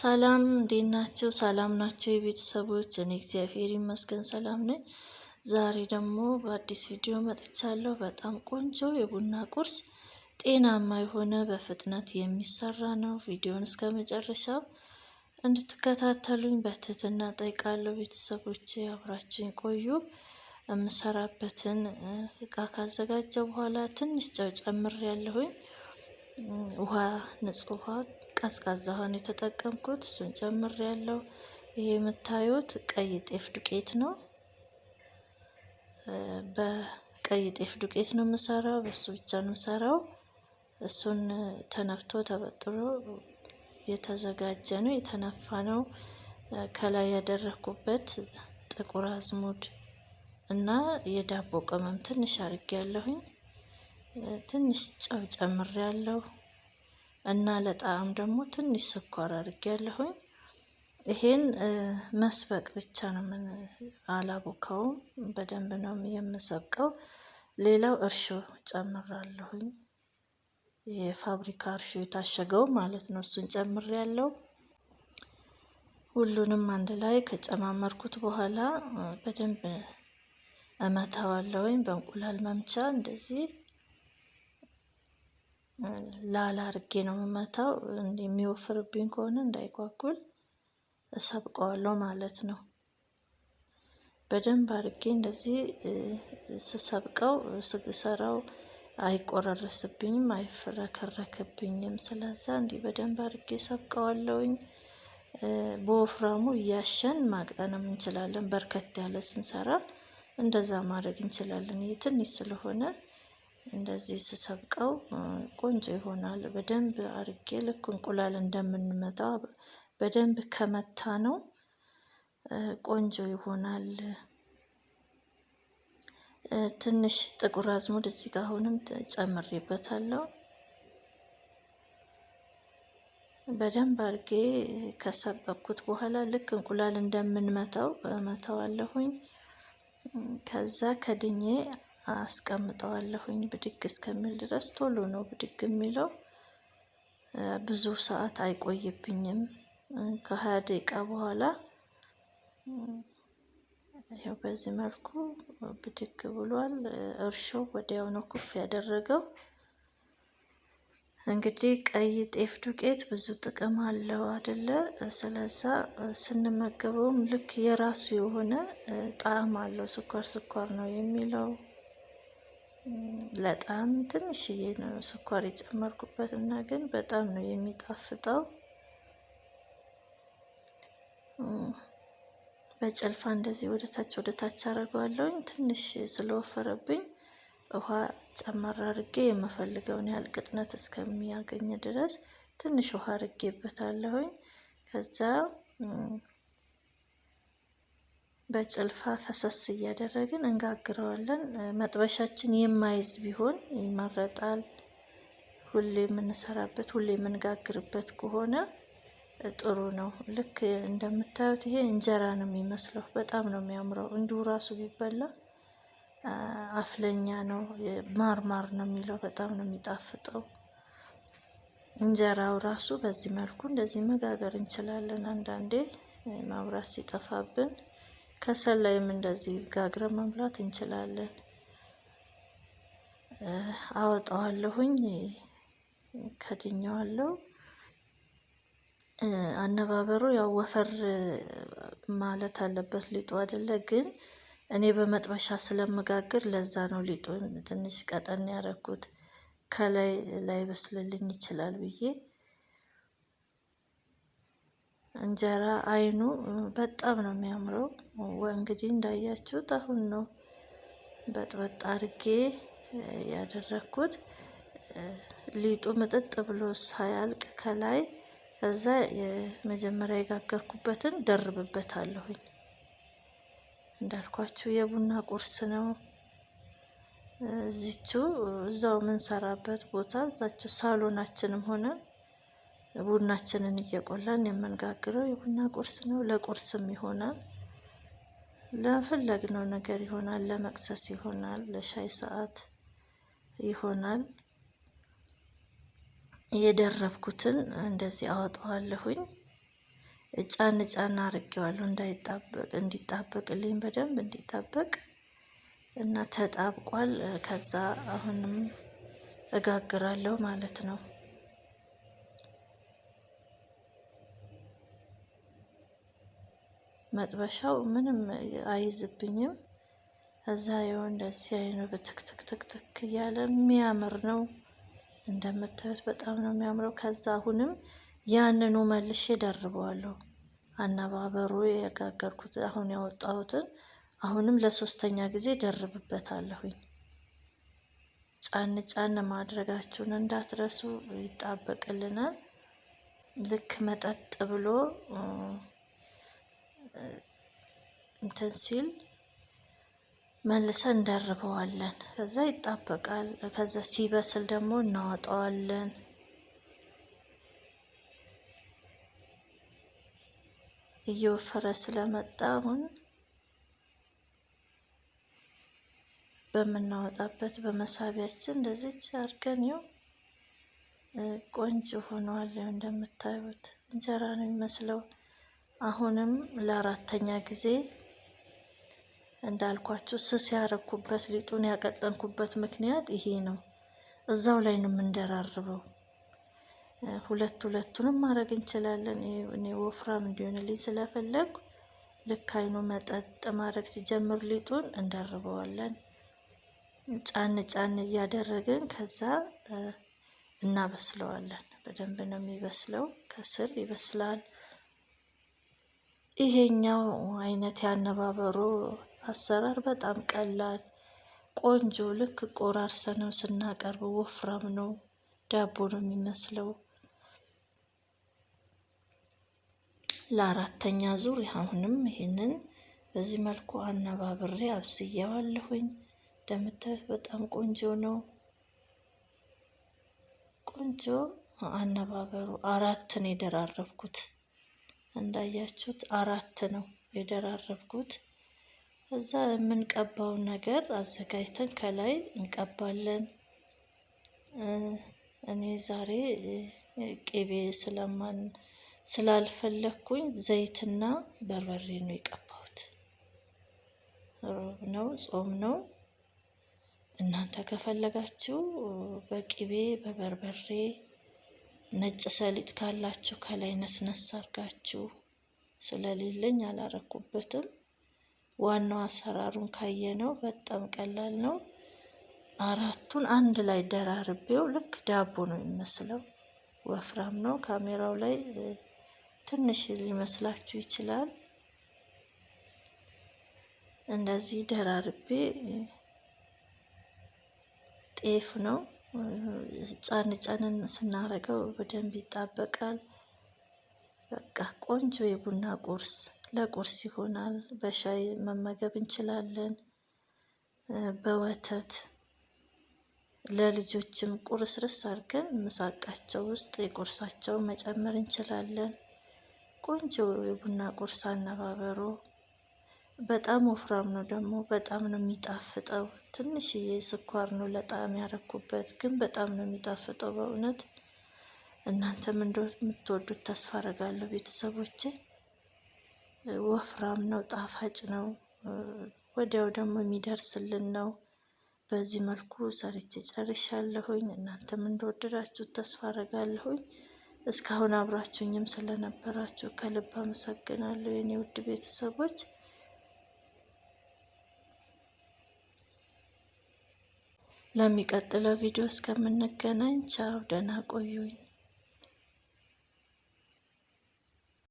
ሰላም እንዴት ናቸው? ሰላም ናቸው የቤተሰቦች? እኔ እግዚአብሔር ይመስገን ሰላም ነኝ። ዛሬ ደግሞ በአዲስ ቪዲዮ መጥቻለሁ። በጣም ቆንጆ የቡና ቁርስ ጤናማ የሆነ በፍጥነት የሚሰራ ነው። ቪዲዮን እስከ መጨረሻው እንድትከታተሉኝ በትህትና ጠይቃለሁ። ቤተሰቦች አብራችሁኝ ቆዩ። የምሰራበትን እቃ ካዘጋጀው በኋላ ትንሽ ጨው ጨምር ያለሁኝ ውሃ፣ ንጹህ ውሃ ቀዝቃዛ የተጠቀምኩት እሱን ጨምር ያለው። ይሄ የምታዩት ቀይ ጤፍ ዱቄት ነው። በቀይ ጤፍ ዱቄት ነው የምሰራው፣ በሱ ብቻ ነው የምሰራው። እሱን ተነፍቶ ተበጥሮ የተዘጋጀ ነው፣ የተነፋ ነው። ከላይ ያደረኩበት ጥቁር አዝሙድ እና የዳቦ ቅመም ትንሽ አርጌ ያለሁኝ። ትንሽ ጨው ጨምሬ ያለው። እና ለጣዕም ደግሞ ትንሽ ስኳር አድርጌያለሁኝ። ይሄን መስበቅ ብቻ ነው ምን አላቦካውም፣ በደንብ ነው የምሰብቀው። ሌላው እርሾ ጨምራለሁኝ፣ የፋብሪካ እርሾ የታሸገው ማለት ነው። እሱን ጨምሬያለሁ። ሁሉንም አንድ ላይ ከጨማመርኩት በኋላ በደንብ እመታዋለሁኝ በእንቁላል መምቻ እንደዚህ ላላ አርጌ ነው የምመታው። የሚወፍርብኝ ከሆነ እንዳይጓጉል እሰብቀዋለሁ ማለት ነው። በደንብ አርጌ እንደዚህ ስሰብቀው ስሰራው አይቆረረስብኝም አይፍረከረክብኝም። ስለዛ እንዲህ በደንብ አርጌ ሰብቀዋለውኝ። በወፍራሙ እያሸን ማቅጠንም እንችላለን። በርከት ያለ ስንሰራ እንደዛ ማድረግ እንችላለን። ይህ ትንሽ ስለሆነ እንደዚህ ስሰብቀው ቆንጆ ይሆናል። በደንብ አርጌ ልክ እንቁላል እንደምንመታ በደንብ ከመታ ነው ቆንጆ ይሆናል። ትንሽ ጥቁር አዝሙድ እዚህ ጋር አሁንም ጨምሬበታለሁ። በደንብ አርጌ ከሰበኩት በኋላ ልክ እንቁላል እንደምንመታው እመታዋለሁኝ። ከዛ ከድኜ አስቀምጠዋለሁኝ ብድግ እስከሚል ድረስ ቶሎ ነው ብድግ የሚለው። ብዙ ሰዓት አይቆይብኝም። ከሀያ ደቂቃ በኋላ ይኸው በዚህ መልኩ ብድግ ብሏል። እርሾው ወዲያው ነው ኩፍ ያደረገው። እንግዲህ ቀይ ጤፍ ዱቄት ብዙ ጥቅም አለው አደለ? ስለዛ ስንመገበውም ልክ የራሱ የሆነ ጣዕም አለው። ስኳር ስኳር ነው የሚለው ለጣም ትንሽዬ ነው ስኳር የጨመርኩበት እና ግን በጣም ነው የሚጣፍጠው። በጨልፋ እንደዚህ ወደ ታች ወደ ታች አደርገዋለሁኝ። ትንሽ ስለወፈረብኝ ውሃ ጨመር አድርጌ የምፈልገውን ያህል ቅጥነት እስከሚያገኝ ድረስ ትንሽ ውሃ አድርጌበታለሁኝ ከዛ በጭልፋ ፈሰስ እያደረግን እንጋግረዋለን። መጥበሻችን የማይዝ ቢሆን ይመረጣል። ሁሌ የምንሰራበት ሁሌ የምንጋግርበት ከሆነ ጥሩ ነው። ልክ እንደምታዩት ይሄ እንጀራ ነው የሚመስለው። በጣም ነው የሚያምረው። እንዲሁ ራሱ ቢበላ አፍለኛ ነው፣ ማርማር ነው የሚለው። በጣም ነው የሚጣፍጠው። እንጀራው ራሱ በዚህ መልኩ እንደዚህ መጋገር እንችላለን። አንዳንዴ ማብራት ሲጠፋብን ከሰል ላይም እንደዚህ ጋግረን መብላት እንችላለን። አወጣዋለሁኝ፣ ከድኜዋለሁ። አነባበሩ ያው ወፈር ማለት አለበት ሊጡ አይደለ? ግን እኔ በመጥበሻ ስለምጋግር ለዛ ነው ሊጡን ትንሽ ቀጠን ያደረኩት። ከላይ ላይ በስልልኝ ይችላል ብዬ እንጀራ አይኑ በጣም ነው የሚያምረው። እንግዲህ እንዳያችሁት አሁን ነው በጥበጥ አርጌ ያደረግኩት። ሊጡ ምጥጥ ብሎ ሳያልቅ ከላይ ከዛ የመጀመሪያ የጋገርኩበትን ደርብበታለሁኝ። እንዳልኳችሁ የቡና ቁርስ ነው። እዚቹ እዛው የምንሰራበት ቦታ እዛቸው ሳሎናችንም ሆነ ቡናችንን እየቆላን የምንጋግረው የቡና ቁርስ ነው። ለቁርስም ይሆናል፣ ለፈለግነው ነገር ይሆናል፣ ለመቅሰስ ይሆናል፣ ለሻይ ሰዓት ይሆናል። የደረብኩትን እንደዚህ አወጣዋለሁኝ። ጫን ጫን አርጌዋለሁ እንዳይጣበቅ እንዲጣበቅልኝ በደንብ እንዲጣበቅ እና ተጣብቋል። ከዛ አሁንም እጋግራለሁ ማለት ነው። መጥበሻው ምንም አይዝብኝም። እዛ የው እንደዚህ አይኑ በትክትክትክትክ እያለ የሚያምር ነው እንደምታዩት፣ በጣም ነው የሚያምረው። ከዛ አሁንም ያንኑ መልሼ ደርበዋለሁ። አነባበሩ የጋገርኩት አሁን ያወጣሁትን አሁንም ለሶስተኛ ጊዜ ደርብበታለሁኝ። ጫን ጫን ማድረጋችሁን እንዳትረሱ፣ ይጣበቅልናል። ልክ መጠጥ ብሎ እንትን ሲል መልሰን እንደርበዋለን። ከዛ ይጣበቃል። ከዛ ሲበስል ደግሞ እናወጣዋለን። እየወፈረ ስለመጣ አሁን በምናወጣበት በመሳቢያችን እንደዚች አድርገን ይኸው ቆንጆ ሆኗል። እንደምታዩት እንጀራ ነው የሚመስለው። አሁንም ለአራተኛ ጊዜ እንዳልኳችሁ ስስ ያረኩበት ሊጡን ያቀጠንኩበት ምክንያት ይሄ ነው። እዛው ላይ ነው የምንደራርበው። ሁለት ሁለቱንም ማድረግ እንችላለን። እኔ ወፍራም እንዲሆንልኝ ስለፈለግኩ ልክ አይኑ መጠጥ ማድረግ ሲጀምር ሊጡን እንደርበዋለን። ጫን ጫን እያደረግን ከዛ እናበስለዋለን። በደንብ ነው የሚበስለው። ከስር ይበስላል። ይሄኛው አይነት ያነባበሩ አሰራር በጣም ቀላል ቆንጆ፣ ልክ ቆራርሰነው ስናቀርብ ወፍራም ነው፣ ዳቦ ነው የሚመስለው። ለአራተኛ ዙር አሁንም ይህንን በዚህ መልኩ አነባብሬ አብስየዋለሁኝ። እንደምታዩት በጣም ቆንጆ ነው። ቆንጆ አነባበሩ አራት ነው የደራረብኩት። እንዳያችሁት አራት ነው የደራረብኩት። እዛ የምንቀባው ነገር አዘጋጅተን ከላይ እንቀባለን። እኔ ዛሬ ቅቤ ስለማን ስላልፈለግኩኝ ዘይትና በርበሬ ነው የቀባሁት። ሮብ ነው፣ ጾም ነው። እናንተ ከፈለጋችሁ በቅቤ በበርበሬ ነጭ ሰሊጥ ካላችሁ ከላይ ነስነስ አርጋችሁ ስለሌለኝ አላረኩበትም። ዋናው አሰራሩን ካየነው በጣም ቀላል ነው። አራቱን አንድ ላይ ደራርቤው ልክ ዳቦ ነው የሚመስለው። ወፍራም ነው። ካሜራው ላይ ትንሽ ሊመስላችሁ ይችላል። እንደዚህ ደራርቤ ጤፍ ነው ጫን ጫንን ስናረገው በደንብ ይጣበቃል። በቃ ቆንጆ የቡና ቁርስ ለቁርስ ይሆናል። በሻይ መመገብ እንችላለን። በወተት ለልጆችም ቁርስ ርስ አድርገን ምሳቃቸው ውስጥ የቁርሳቸው መጨመር እንችላለን። ቆንጆ የቡና ቁርስ አነባበሩ በጣም ወፍራም ነው ደግሞ በጣም ነው የሚጣፍጠው ትንሽዬ ስኳር ነው ለጣዕም ያረኩበት፣ ግን በጣም ነው የሚጣፍጠው በእውነት። እናንተም እንደምትወዱት ተስፋ አረጋለሁ ቤተሰቦች ወፍራም ነው፣ ጣፋጭ ነው፣ ወዲያው ደግሞ የሚደርስልን ነው። በዚህ መልኩ ሰርቼ ጨርሻለሁኝ። እናንተም እንደወደዳችሁት ተስፋ አረጋለሁኝ። እስካሁን አብራችሁኝም ስለነበራችሁ ከልብ አመሰግናለሁ የኔ ውድ ቤተሰቦች። ለሚቀጥለው ቪዲዮ እስከምንገናኝ ቻው፣ ደህና ቆዩኝ።